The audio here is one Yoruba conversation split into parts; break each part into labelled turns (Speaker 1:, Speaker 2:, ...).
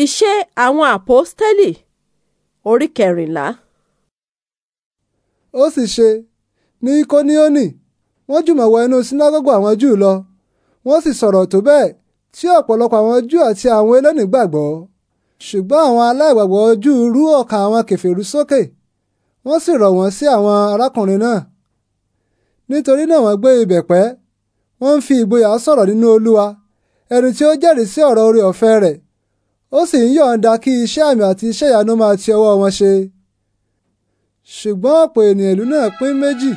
Speaker 1: Iṣẹ́ àwọn Àpọ́stélì orí kẹrìnlá. Ó sì ṣe ní Ikonioni wọ́n jùmọ̀ wọ inú sínágọ́gù àwọn Júù lọ wọ́n sì sọ̀rọ̀ tó bẹ́ẹ̀ tí ọ̀pọ̀lọpọ̀ àwọn Júù àti àwọn eléni gbàgbọ́ ṣùgbọ́n àwọn aláìgbàgbọ́ Júù rú ọkàn àwọn kèfèrí sókè wọ́n sì rọ̀ wọ́n sí àwọn arákùnrin náà nítorí náà wọ́n gbé ibẹ̀ pẹ́ wọ́n ń fi ìgboyà sọ̀rọ̀ nínú Olúwa ẹni tí ó jẹ́rìí sí ọ̀rọ̀ oore ọ̀fẹ́ rẹ̀ ó sì ń yọ̀ǹda kí iṣẹ́ àmì àti iṣẹ́ ìyanu máa ti ọwọ́ wọn ṣe. ṣùgbọ́n ọ̀pọ̀ ènìyàn ìlú náà pín méjì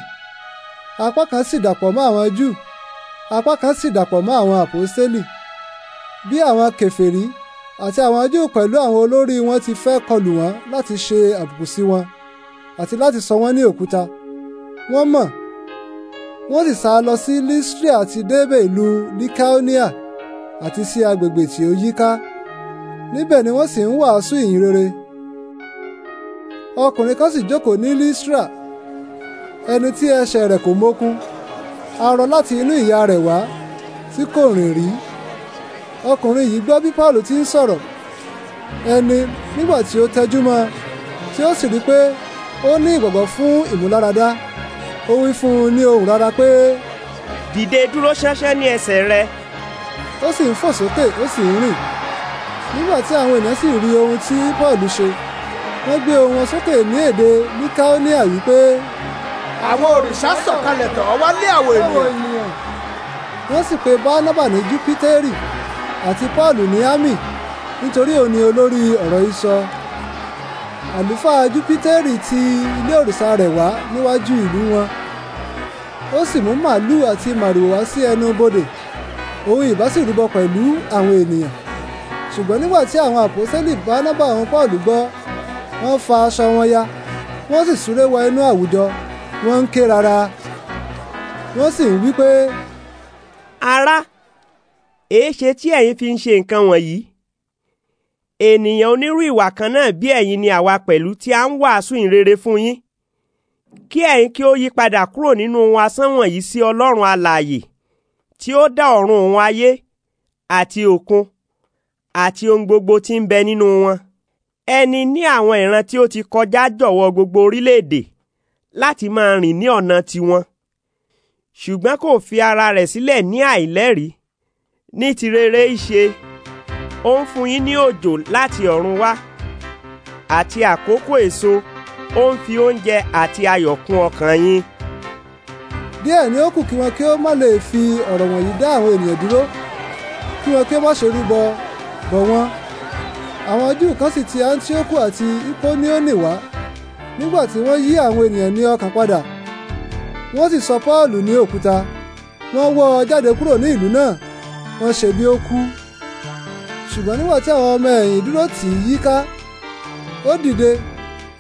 Speaker 1: apá kan sì dàpọ̀ mọ́ àwọn júù apá kan sì dàpọ̀ mọ́ àwọn àpòstélì bí àwọn kèfèrí àti àwọn júù pẹ̀lú àwọn olórí wọn ti fẹ́ kọlù wọn láti ṣe àbùkù sí wọn àti láti sọ wọ́n ní òkúta wọ́n mọ̀ wọ́n sì sá lọ sí Lístíríà àti débè ìlú Likaonia àti sí agbègbè tí ó yíká níbẹ̀ ni wọ́n sì ń wàásù ìyìn rere ọkùnrin kan sì jókòó ní Lístra ẹni tí ẹsẹ̀ rẹ̀ kò mókun arọ láti inú ìyá rẹ̀ wá tí kò rìn rí ọkùnrin yìí gbọ́ bí Paul ti ń sọ̀rọ̀ ẹni nígbà tí ó tẹjú mọ́ tí ó sì rí pé ó ní ìgbàgbọ́ fún ìmúláradá ó wí fún un ní ohùn rárá pé. dìde dúró ṣáṣá ní ẹsẹ̀ rẹ. ó sì ń fò sókè ó sì ń rìn nígbà tí àwọn ènìyàn sì rí ohun tí paul ṣe wọ́n gbé ohùn wọn sókè ní èdè likaonia wípé.
Speaker 2: àwọn òrìṣà sọ̀kalẹ̀ tọ̀ wá lé àwọn ènìyàn.
Speaker 1: wọ́n sì pe barnaba ní júpítérì àti paul ní ámì nítorí òun ni olórí ọ̀rọ̀ ìsọ àlùfáà júpítérì ti ilé òrìṣà rẹ̀ wá níwájú ìlú wọn ó sì mú màálù àti màrìwò wá sí ẹnu bodè òun ìbá sì rúbọ pẹ̀lú àwọn ènìyàn ṣùgbọ́n nígbà tí àwọn àpòsẹ́lì Bánábà àwọn Pọ́ọ̀lù gbọ́ wọ́n fa aṣọ wọn ya wọ́n sì
Speaker 2: súré wọ inú àwùjọ wọ́n ń ké rara wọ́n sì ń wí pé. ará èéṣe tí ẹ̀yin fi ń ṣe nǹkan wọ̀nyí ènìyàn onírú ìwà kan náà bí ẹ̀yin ni àwa pẹ̀lú tí a ń wàásù ìrere fún yín kí ẹ̀yin kí ó yí padà kúrò nínú ohun asán wọ̀nyí sí Ọlọ́run alààyè tí ó dá ọ̀run òun ayé àti òkun àti ohun gbogbo tí ń bẹ nínú wọn. ẹni ní àwọn ìran tí ó ti kọjá jọ̀wọ́ gbogbo orílẹ̀-èdè láti máa rìn ní ọ̀nà tiwọn. ṣùgbọ́n kò fi ara rẹ̀ sílẹ̀ ní àìlẹ́rìí ní ti rere ìṣe ó ń fún yín ní òjò láti ọ̀run wá àti àkókò èso ó ń fi oúnjẹ àti ayọ̀ kún ọkàn yín. díẹ̀ ni ó kù kí wọn kí ó má lè
Speaker 1: fi ọ̀rọ̀ wọ̀nyí dá àwọn ènìyàn dúró kí wọn kí ó má ṣe bọ̀ wọ́n àwọn júù kan sì ti antioku àti ikonioni wá nígbà tí wọ́n yí àwọn ènìyàn ní ọkàn padà wọ́n sì sọ paulu ní òkúta wọ́n wọ́ ọ jáde kúrò ní ìlú náà wọ́n ṣe bí ó kú ṣùgbọ́n nígbà tí àwọn ọmọ ẹ̀yìn dúró tì í yíká ó dìde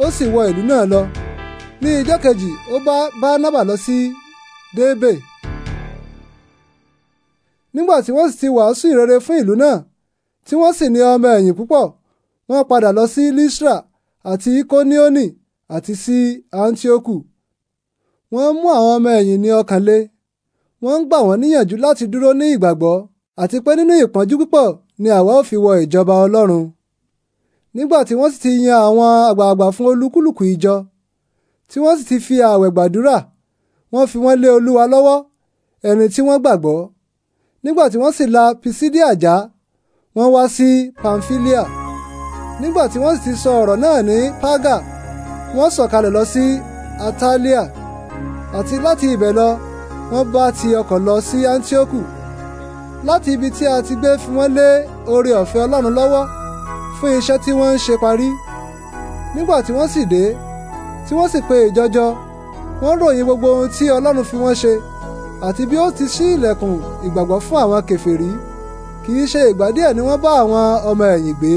Speaker 1: ó sì wọ ìlú náà lọ ní ijọ́ kejì ó bá Bánábà lọ sí Débè nígbà tí wọ́n sì ti wàásù ìrere fún ìlú náà tí wọ́n sì ní ọmọ ẹ̀yìn púpọ̀ wọ́n padà lọ sí Listra àti Ikonioni àti sí Antioku wọ́n mú àwọn ọmọ ẹ̀yìn ní ọkàn le wọ́n ń gbà wọ́n níyànjú láti dúró ní ìgbàgbọ́ àti pé nínú ìpọ́njú púpọ̀ ni àwa ó fi wọ ìjọba Ọlọ́run nígbà tí wọ́n sì ti yan àwọn àgbààgbà fún olúkúlùkù ìjọ tí wọ́n sì ti fi ààwẹ̀ gbàdúrà wọ́n fi wọ́n lé Olúwa lọ́wọ́ ẹni tí wọ́n gbàgbọ́ nígbà tí wọ́n sì la Pisidia já wọ́n wá sí Pamfilia nígbà tí wọ́n sì ti sọ ọ̀rọ̀ náà ní Paga wọ́n sọ̀kalẹ̀ lọ sí Atalia àti láti ibẹ̀ lọ wọ́n bá ti ọkọ̀ lọ sí Antioku láti ibi tí a ti gbé fi wọ́n lé oore ọ̀fẹ́ Ọlọ́run lọ́wọ́ fún iṣẹ́ tí wọ́n ń ṣe parí nígbà tí wọ́n sì dé tí wọ́n sì pe ìjọjọ wọ́n ròyìn gbogbo ohun tí Ọlọ́run fi wọ́n ṣe àti bí ó ti ṣí ilẹ̀kùn ìgbàgbọ́ fún àwọn kèfèrí kì í ṣe ìgbà díẹ̀ ni wọ́n bá àwọn ọmọ ẹ̀yìn gbé